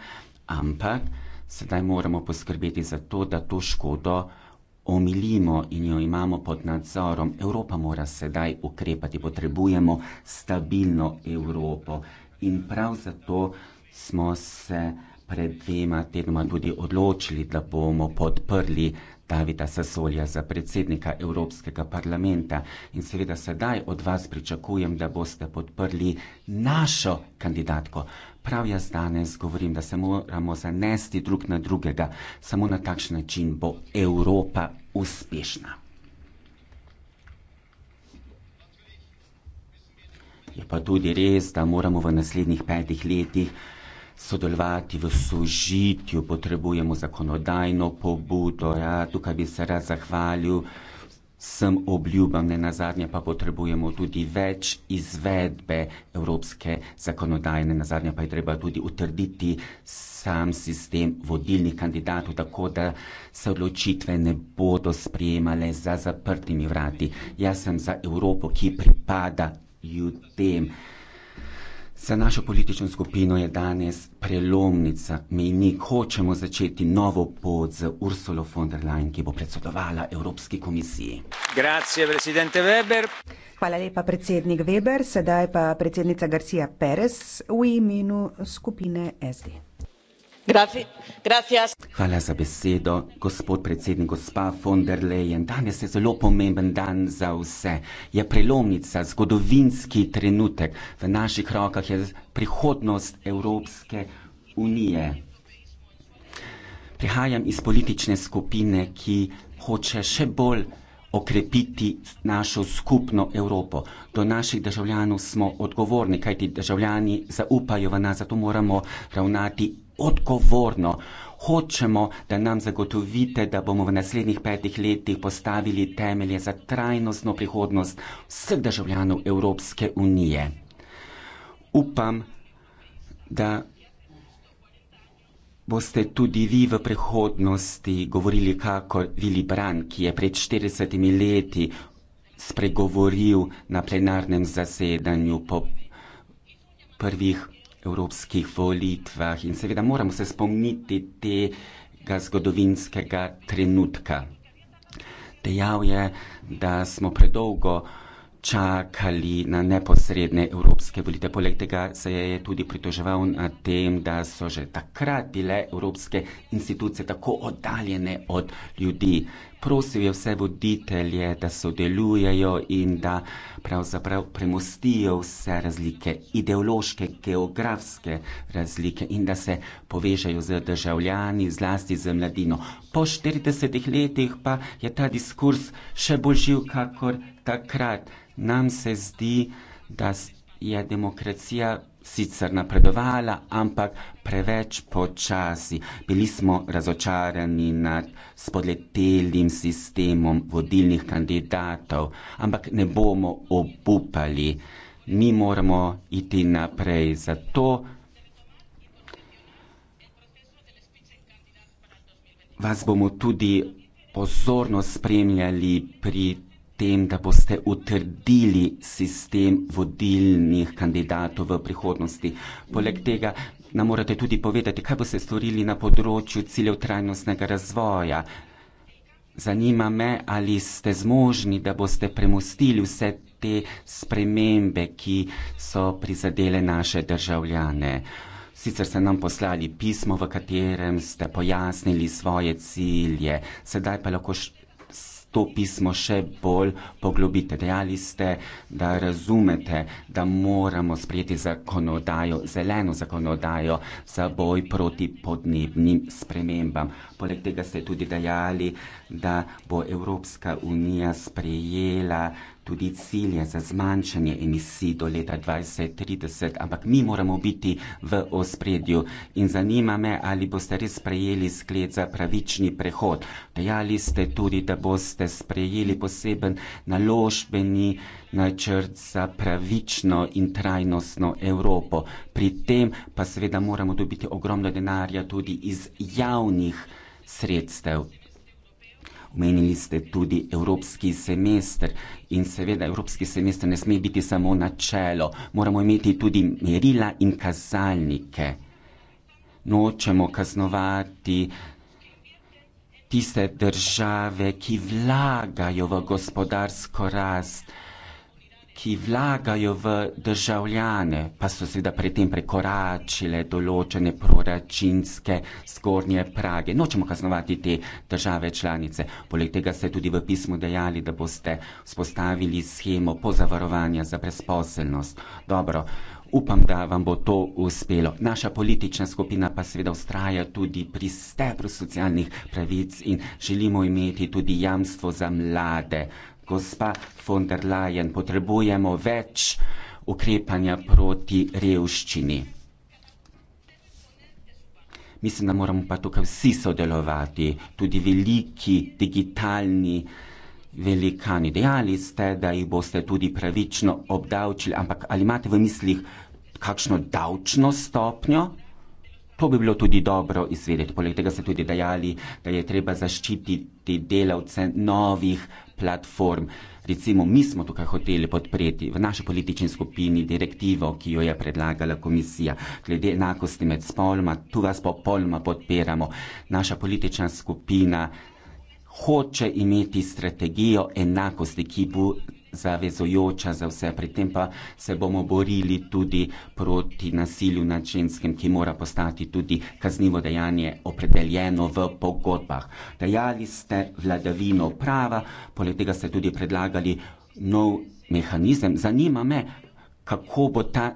ampak sedaj moramo poskrbeti za to, da to škodo omilimo in jo imamo pod nadzorom. Evropa mora sedaj ukrepati, potrebujemo stabilno Evropo. In prav zato smo se pred dvema tednoma tudi odločili, da bomo podprli Davida Sasolja za predsednika Evropskega parlamenta. In seveda sedaj od vas pričakujem, da boste podprli našo kandidatko. Prav jaz danes govorim, da se moramo zanesti drug na drugega. Samo na takšen način bo Evropa uspešna. Je pa tudi res, da moramo v naslednjih petih letih sodelovati v sožitju, potrebujemo zakonodajno pobudo. Ja, tukaj bi se rad zahvalil vsem obljubam, ne nazadnje pa potrebujemo tudi več izvedbe evropske zakonodajne, nazadnje pa je treba tudi utrditi sam sistem vodilnih kandidatov, tako da se odločitve ne bodo sprejemale za zaprtimi vrati. Jaz sem za Evropo, ki pripada ljudem. Za našo politično skupino je danes prelomnica, mejnik, hočemo začeti novo pot z Ursulo von der Leyen, ki bo predsedovala Evropski komisiji. Grazie, predsednik Weber. Hvala lepa, predsednik Weber. Sedaj pa predsednica Garcia Perez v imenu skupine SD. Hvala za besedo, gospod predsednik, gospa von der Leyen. Danes je zelo pomemben dan za vse. Je prelomnica, zgodovinski trenutek. V naših rokah je prihodnost Evropske unije. Prihajam iz politične skupine, ki hoče še bolj okrepiti našo skupno Evropo. Do naših državljanov smo odgovorni, kajti državljani zaupajo v nas, zato moramo ravnati odgovorno hočemo, da nam zagotovite, da bomo v naslednjih petih letih postavili temelje za trajnostno prihodnost vseh državljanov Evropske unije. Upam, da boste tudi vi v prihodnosti govorili kako Willy Brandt, ki je pred 40 leti spregovoril na plenarnem zasedanju po prvih evropskih volitvah in seveda moramo se spomniti tega zgodovinskega trenutka. Dejal je, da smo predolgo čakali na neposredne evropske volitve. Poleg tega se je tudi pritoževal na tem, da so že takrat bile evropske institucije tako oddaljene od ljudi. Prosil je vse voditelje, da sodelujejo in da pravzaprav premostijo vse razlike, ideološke, geografske razlike in da se povežejo z državljani, zlasti z mladino. Po 40 letih pa je ta diskurs še bolj živ, kakor takrat. Nam se zdi, da je demokracija sicer napredovala, ampak preveč počasi. Bili smo razočarani nad spodletelim sistemom vodilnih kandidatov, ampak ne bomo obupali. Mi moramo iti naprej. Zato vas bomo tudi pozorno spremljali pri tem, da boste utrdili sistem vodilnih kandidatov v prihodnosti. Poleg tega nam morate tudi povedati, kaj boste storili na področju ciljev trajnostnega razvoja. Zanima me, ali ste zmožni, da boste premustili vse te spremembe, ki so prizadele naše državljane. Sicer ste nam poslali pismo, v katerem ste pojasnili svoje cilje, sedaj pa lahko to pismo še bolj poglobite. Dejali ste, da razumete, da moramo sprejeti zakonodajo, zeleno zakonodajo za boj proti podnebnim spremembam. Poleg tega ste tudi dejali, da bo Evropska unija sprejela tudi cilje za zmanjšanje emisij do leta 2030, ampak mi moramo biti v ospredju in zanima me, ali boste res sprejeli skled za pravični prehod. Dejali ste tudi, da boste sprejeli poseben naložbeni načrt za pravično in trajnostno Evropo. Pri tem pa seveda moramo dobiti ogromno denarja tudi iz javnih sredstev. Omenili ste tudi evropski semester in seveda evropski semester ne sme biti samo načelo, moramo imeti tudi merila in kazalnike. Nočemo kaznovati tiste države, ki vlagajo v gospodarsko rast ki vlagajo v državljane, pa so seveda pri tem prekoračile določene proračinske zgornje prage. Nočemo kaznovati te države članice. Poleg tega ste tudi v pismu dejali, da boste spostavili schemo pozavarovanja za brezposelnost. Dobro. Upam, da vam bo to uspelo. Naša politična skupina pa seveda ustraja tudi pri stebru socialnih pravic in želimo imeti tudi jamstvo za mlade, gospa von der Leyen, potrebujemo več ukrepanja proti revščini. Mislim, da moramo pa tukaj vsi sodelovati, tudi veliki digitalni velikani. Dejali ste, da jih boste tudi pravično obdavčili, ampak ali imate v mislih kakšno davčno stopnjo? To bi bilo tudi dobro izvedeti. Poleg tega ste tudi dejali, da je treba zaščititi delavce novih platform. Recimo, mi smo tukaj hoteli podpreti v naši politični skupini direktivo, ki jo je predlagala komisija glede enakosti med spoloma. Tu vas popolnoma podpiramo. Naša politična skupina hoče imeti strategijo enakosti, ki bo zavezujoča za vse, pri tem pa se bomo borili tudi proti nasilju nad ženskem, ki mora postati tudi kaznivo dejanje opredeljeno v pogodbah. Dajali ste vladavino prava, poleg tega ste tudi predlagali nov mehanizem. Zanima me, kako bo ta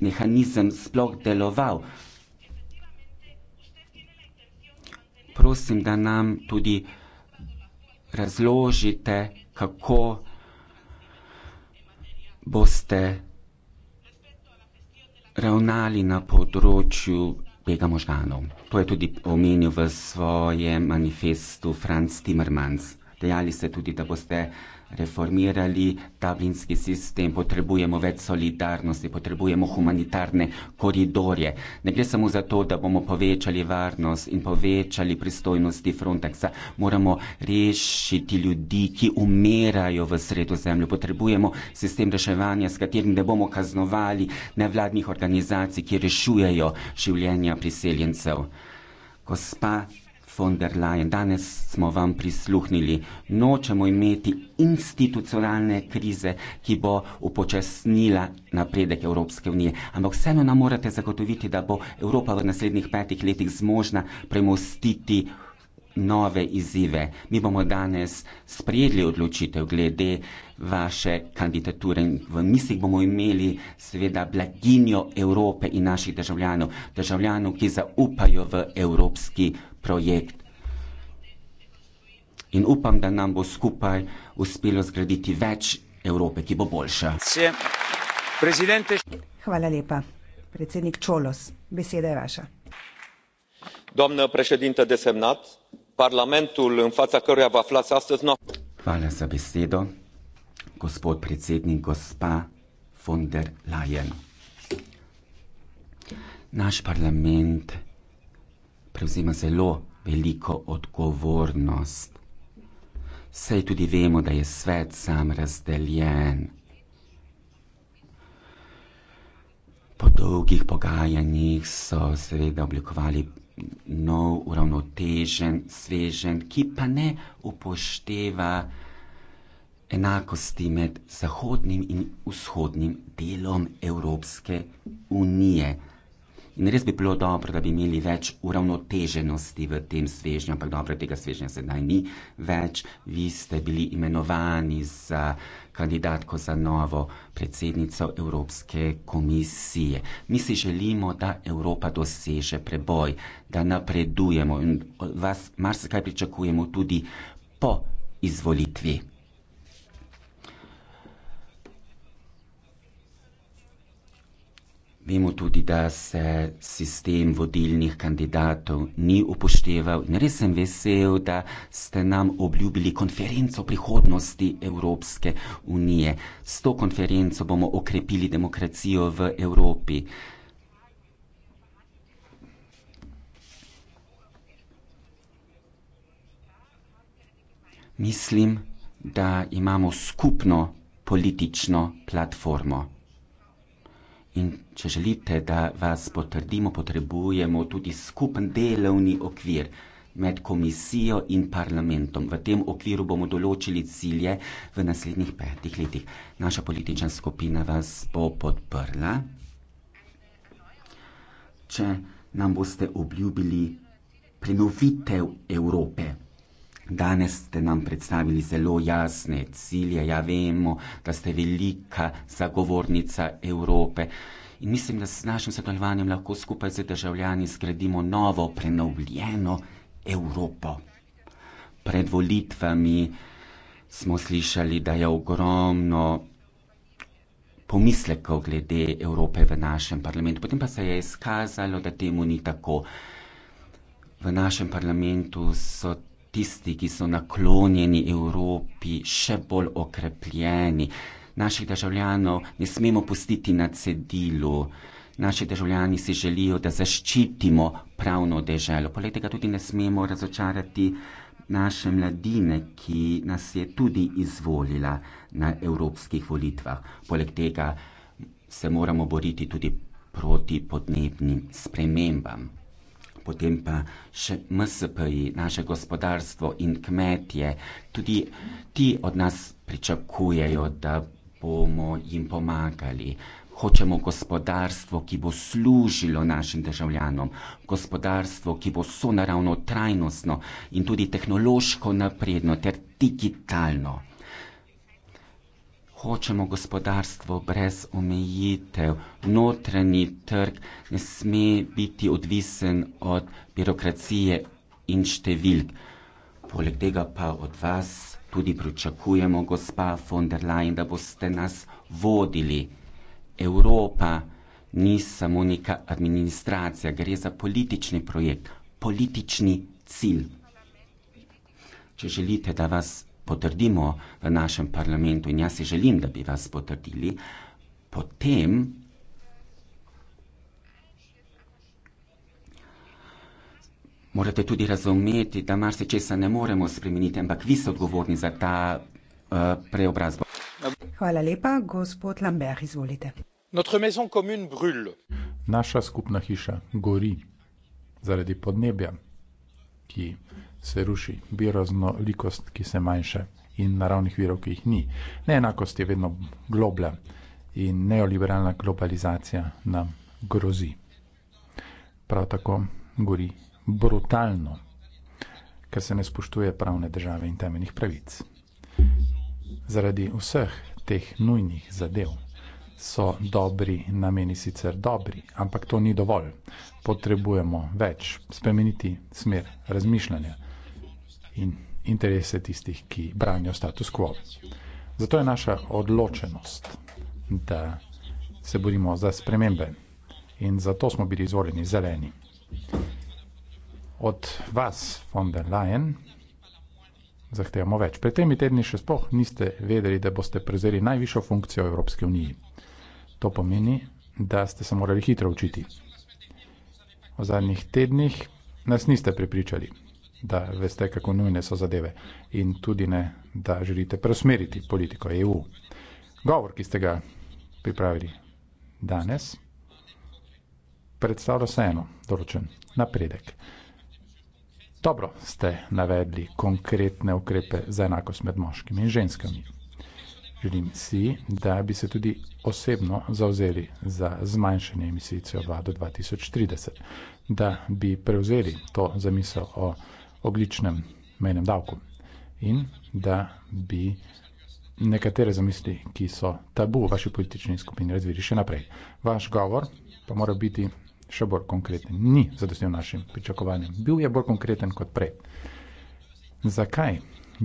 mehanizem sploh deloval. Prosim, da nam tudi razložite, kako boste ravnali na področju tega možganov. To je tudi omenil v svojem manifestu Frans Timmermans. Dejali ste tudi, da boste reformirali tablinski sistem, potrebujemo več solidarnosti, potrebujemo humanitarne koridorje. Ne gre samo za to, da bomo povečali varnost in povečali pristojnosti Frontexa. Moramo rešiti ljudi, ki umirajo v sredo zemljo. Potrebujemo sistem reševanja, s katerim ne bomo kaznovali nevladnih organizacij, ki rešujejo življenja priseljencev. Gospa von der Leyen. Danes smo vam prisluhnili. Nočemo imeti institucionalne krize, ki bo upočasnila napredek Evropske unije. Ampak vseeno nam morate zagotoviti, da bo Evropa v naslednjih petih letih zmožna premostiti nove izzive. Mi bomo danes sprejeli odločitev glede vaše kandidature in v mislih bomo imeli seveda blaginjo Evrope in naših državljanov, državljanov, ki zaupajo v evropski projekt. In upam, da nam bo skupaj uspelo zgraditi več Evrope, ki bo boljša. Hvala lepa. Predsednik Čolos, beseda je vaša doamnă președintă desemnat parlamentul în fața căruia vă aflați astăzi nu Hvala za besedo, gospod predsednik, gospa von der Leyen. Naš parlament prevzema zelo veliko odgovornost. Sej tudi vemo, da je svet sam razdeljen. Po dolgih pogajanjih so seveda oblikovali nov, uravnotežen, svežen, ki pa ne upošteva enakosti med zahodnim in vzhodnim delom Evropske unije. In res bi bilo dobro, da bi imeli več uravnoteženosti v tem svežnju, ampak dobro, tega svežnja sedaj ni več. Vi ste bili imenovani za kandidatko za novo predsednico Evropske komisije. Mi si želimo, da Evropa doseže preboj, da napredujemo in od vas marsikaj pričakujemo tudi po izvolitvi. Vemo tudi, da se sistem vodilnih kandidatov ni upošteval in res sem vesel, da ste nam obljubili konferenco prihodnosti Evropske unije. S to konferenco bomo okrepili demokracijo v Evropi. Mislim, da imamo skupno politično platformo. In če želite, da vas potrdimo, potrebujemo tudi skupen delovni okvir med komisijo in parlamentom. V tem okviru bomo določili cilje v naslednjih petih letih. Naša politična skupina vas bo podprla, če nam boste obljubili prenovitev Evrope. Danes ste nam predstavili zelo jasne cilje, ja vemo, da ste velika zagovornica Evrope. In mislim, da s našim sodelovanjem lahko skupaj z državljani zgradimo novo, prenovljeno Evropo. Pred volitvami smo slišali, da je ogromno pomislekov glede Evrope v našem parlamentu. Potem pa se je izkazalo, da temu ni tako. V našem parlamentu so tisti, ki so naklonjeni Evropi, še bolj okrepljeni. Naših državljanov ne smemo pustiti na cedilu. Naši državljani si želijo, da zaščitimo pravno deželo. Poleg tega tudi ne smemo razočarati naše mladine, ki nas je tudi izvolila na evropskih volitvah. Poleg tega se moramo boriti tudi proti podnebnim spremembam potem pa še MSP-ji, naše gospodarstvo in kmetje, tudi ti od nas pričakujejo, da bomo jim pomagali. Hočemo gospodarstvo, ki bo služilo našim državljanom, gospodarstvo, ki bo sonaravno, trajnostno in tudi tehnološko napredno ter digitalno hočemo gospodarstvo brez omejitev. Notranji trg ne sme biti odvisen od birokracije in številk. Poleg tega pa od vas tudi pričakujemo, gospa von der Leyen, da boste nas vodili. Evropa ni samo neka administracija, gre za politični projekt, politični cilj. Če želite, da vas potrdimo v našem parlamentu in jaz si želim, da bi vas potrdili, potem morate tudi razumeti, da marsi česa ne moremo spremeniti, ampak vi ste odgovorni za ta uh, preobrazbo. Hvala lepa, gospod Lambert, izvolite. Naša skupna hiša gori zaradi podnebja, ki se ruši, bioraznolikost, ki se manjša in naravnih virov, ki jih ni. Neenakost je vedno globlja in neoliberalna globalizacija nam grozi. Prav tako gori brutalno, ker se ne spoštuje pravne države in temeljnih pravic. Zaradi vseh teh nujnih zadev, so dobri nameni sicer dobri, ampak to ni dovolj. Potrebujemo več spremeniti smer razmišljanja in interese tistih, ki branijo status quo. Zato je naša odločenost, da se borimo za spremembe in zato smo bili izvoljeni zeleni. Od vas, von der Leyen, zahtevamo več. Pred temi tedni še spoh niste vedeli, da boste prezeli najvišjo funkcijo Evropske unije. To pomeni, da ste se morali hitro učiti. V zadnjih tednih nas niste prepričali, da veste, kako nujne so zadeve in tudi ne, da želite preusmeriti politiko EU. Govor, ki ste ga pripravili danes, predstavlja se eno določen napredek. Dobro ste navedli konkretne ukrepe za enakost med moškimi in ženskami. Želim si, da bi se tudi osebno zauzeli za zmanjšanje emisij CO2 do 2030, da bi prevzeli to zamisel o ogličnem menem davku in da bi nekatere zamisli, ki so tabu v vaši politični skupini, razvili še naprej. Vaš govor pa mora biti še bolj konkreten. Ni zadostil našim pričakovanjem. Bil je bolj konkreten kot prej. Zakaj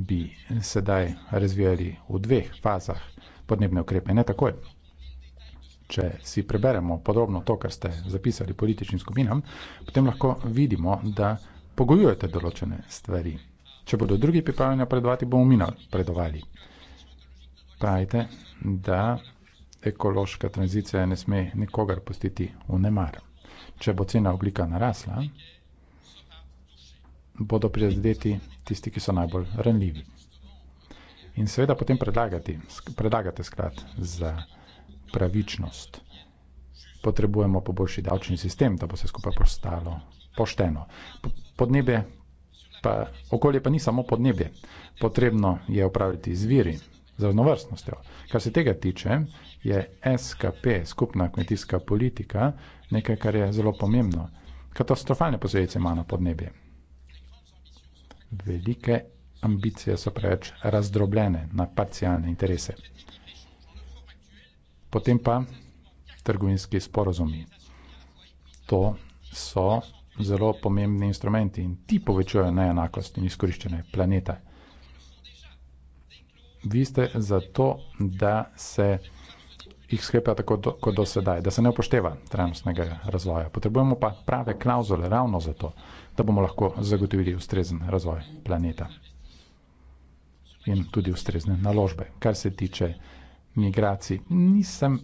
bi sedaj razvijali v dveh fazah podnebne ukrepe, ne takoj. Če si preberemo podrobno to, kar ste zapisali političnim skupinam, potem lahko vidimo, da pogojujete določene stvari. Če bodo drugi pripravljeni napredovati, bomo mi napredovali. Pravite, da ekološka tranzicija ne sme nikogar pustiti v nemar. Če bo cena oblika narasla, bodo prizadeti tisti, ki so najbolj ranljivi. In seveda potem predlagati, predlagate sklad za pravičnost. Potrebujemo poboljši davčni sistem, da bo se skupaj postalo pošteno. Podnebje pa, okolje pa ni samo podnebje. Potrebno je upraviti izviri za raznovrstnostjo. Kar se tega tiče, je SKP, skupna kmetijska politika, nekaj, kar je zelo pomembno. Katastrofalne posledice ima na podnebje velike ambicije so preveč razdrobljene na parcialne interese. Potem pa trgovinski sporozumi. To so zelo pomembni instrumenti in ti povečujejo neenakost in izkoriščene planete. Vi ste zato, da se jih sklepa tako do, kot do sedaj, da se ne upošteva trenutnega razvoja. Potrebujemo pa prave klauzule ravno zato, da bomo lahko zagotovili ustrezen razvoj planeta in tudi ustrezne naložbe. Kar se tiče migracij, nisem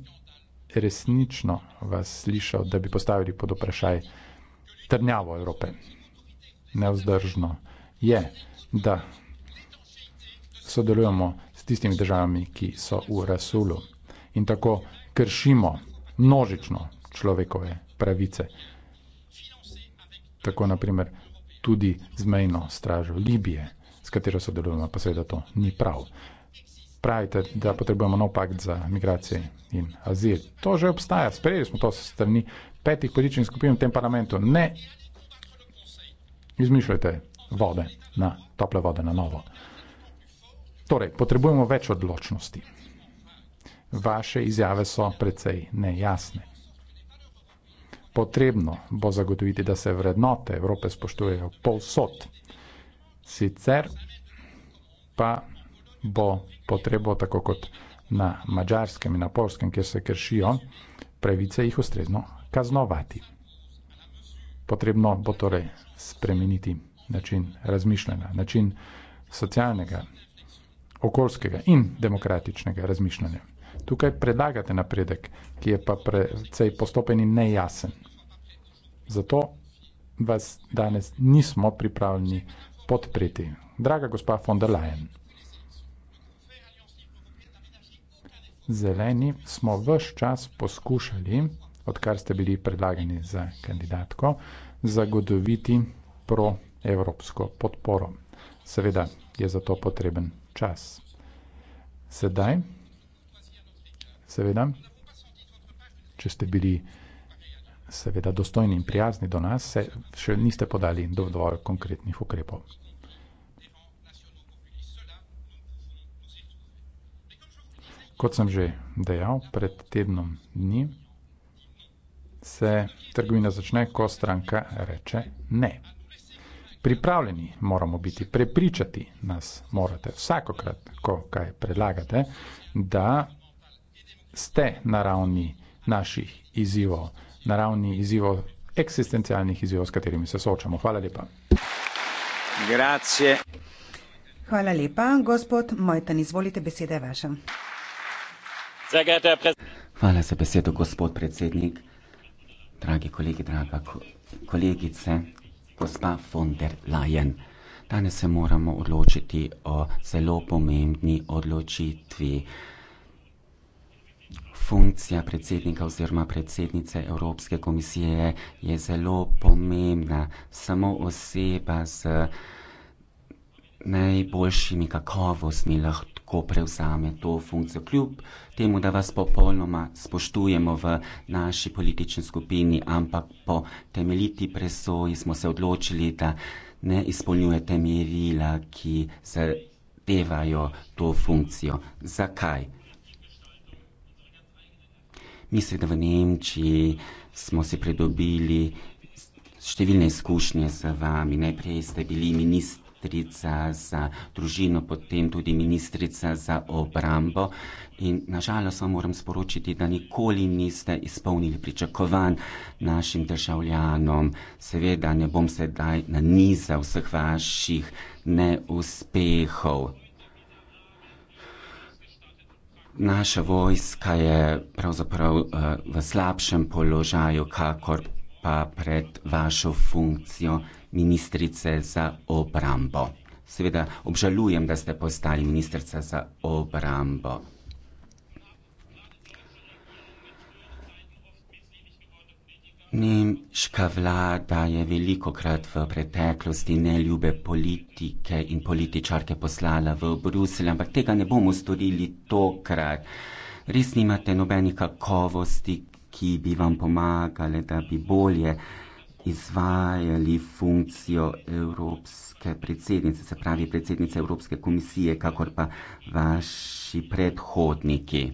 resnično vas slišal, da bi postavili pod vprašaj trnjavo Evrope. Neozdržno je, da sodelujemo s tistimi državami, ki so v Rasulu in tako kršimo množično človekove pravice. Tako naprimer tudi zmejno stražo Libije, s katero sodelujemo, pa seveda to ni prav. Pravite, da potrebujemo nov pakt za migracije in azil. To že obstaja, sprejeli smo to s strani petih političnih skupin v tem parlamentu. Ne izmišljajte vode na tople vode na novo. Torej, potrebujemo več odločnosti. Vaše izjave so precej nejasne. Potrebno bo zagotoviti, da se vrednote Evrope spoštujejo povsod. Sicer pa bo potrebo, tako kot na mačarskem in na polskem, kjer se kršijo, pravice jih ustrezno kaznovati. Potrebno bo torej spremeniti način razmišljanja, način socialnega, okoljskega in demokratičnega razmišljanja. Tukaj predlagate napredek, ki je pa precej postopen in nejasen. Zato vas danes nismo pripravljeni podpreti. Draga gospa von der Leyen, zeleni smo vse čas poskušali, odkar ste bili predlagani za kandidatko, zagotoviti proevropsko podporo. Seveda je za to potreben čas. Sedaj seveda. Če ste bili seveda dostojni in prijazni do nas, se še niste podali do dvor konkretnih ukrepov. Kot sem že dejal pred tednom dni, se trgovina začne, ko stranka reče ne. Pripravljeni moramo biti, prepričati nas morate vsakokrat, ko kaj predlagate, da ste na ravni naših izzivov, na ravni izzivov, eksistencialnih izzivov, s katerimi se soočamo. Hvala lepa. Grazie. Hvala lepa. Gospod Mojten, izvolite, beseda je vaša. Hvala za besedo, gospod predsednik. Dragi kolegi, draga kolegice, gospa von der Leyen. Danes se moramo odločiti o zelo pomembni odločitvi funkcija predsednika oziroma predsednice Evropske komisije je zelo pomembna. Samo oseba z najboljšimi kakovostmi lahko prevzame to funkcijo. Kljub temu, da vas popolnoma spoštujemo v naši politični skupini, ampak po temeljiti presoji smo se odločili, da ne izpolnjujete merila, ki se devajo to funkcijo. Zakaj? Mi seveda v Nemčiji smo si pridobili številne izkušnje z vami. Najprej ste bili ministrica za družino, potem tudi ministrica za obrambo. In nažalost vam moram sporočiti, da nikoli niste izpolnili pričakovanj našim državljanom. Seveda ne bom sedaj nanizal vseh vaših neuspehov, naša vojska je pravzaprav eh, v slabšem položaju, kakor pa pred vašo funkcijo ministrice za obrambo. Seveda obžalujem, da ste postali ministrica za obrambo. Nemška vlada je veliko krat v preteklosti neljube politike in političarke poslala v Bruselj, ampak tega ne bomo storili tokrat. Res nimate nobenih kakovosti, ki bi vam pomagale, da bi bolje izvajali funkcijo evropske predsednice, se pravi predsednice Evropske komisije, kakor pa vaši predhodniki.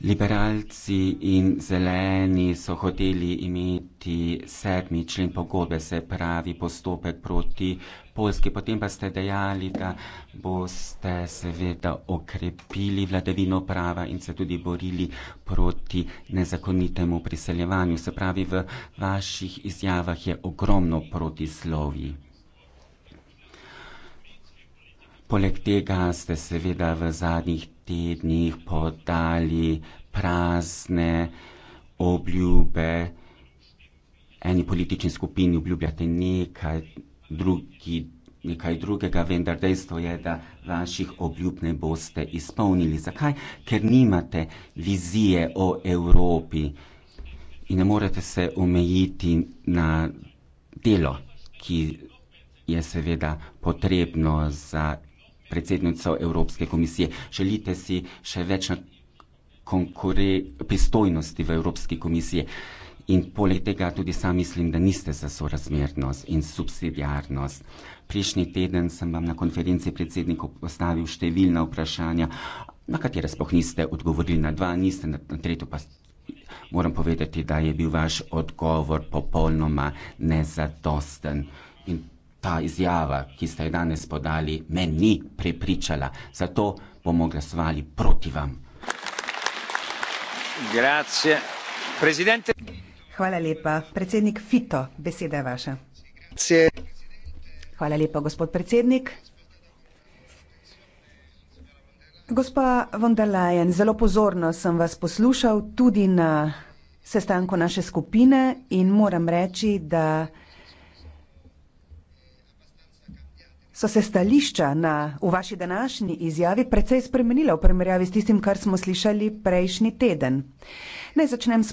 Liberalci in zeleni so hoteli imeti sedmi člen pogodbe, se pravi postopek proti Polski. Potem pa ste dejali, da boste seveda okrepili vladavino prava in se tudi borili proti nezakonitemu priseljevanju. Se pravi, v vaših izjavah je ogromno protislovi. Poleg tega ste seveda v zadnjih tednih podali prazne obljube. Eni politični skupini obljubljate nekaj, drugi nekaj drugega, vendar dejstvo je, da vaših obljub ne boste izpolnili. Zakaj? Ker nimate vizije o Evropi in ne morete se omejiti na delo, ki je seveda potrebno za predsednico Evropske komisije. Želite si še več konkure, pristojnosti v Evropski komisiji in poleg tega tudi sam mislim, da niste za sorazmernost in subsidiarnost. Prejšnji teden sem vam na konferenci predsednikov postavil številna vprašanja, na katere spoh niste odgovorili, na dva niste, na, na tretjo pa moram povedati, da je bil vaš odgovor popolnoma nezadosten ta izjava, ki ste jo danes podali, me ni prepričala. Zato bomo glasovali proti vam. Hvala lepa. Predsednik Fito, beseda je vaša. Hvala lepa, gospod predsednik. Gospa von der Leyen, zelo pozorno sem vas poslušal tudi na sestanku naše skupine in moram reči, da So se stališča na, v vaši današnji izjavi precej spremenila v primerjavi s tistim, kar smo slišali prejšnji teden? Naj začnem s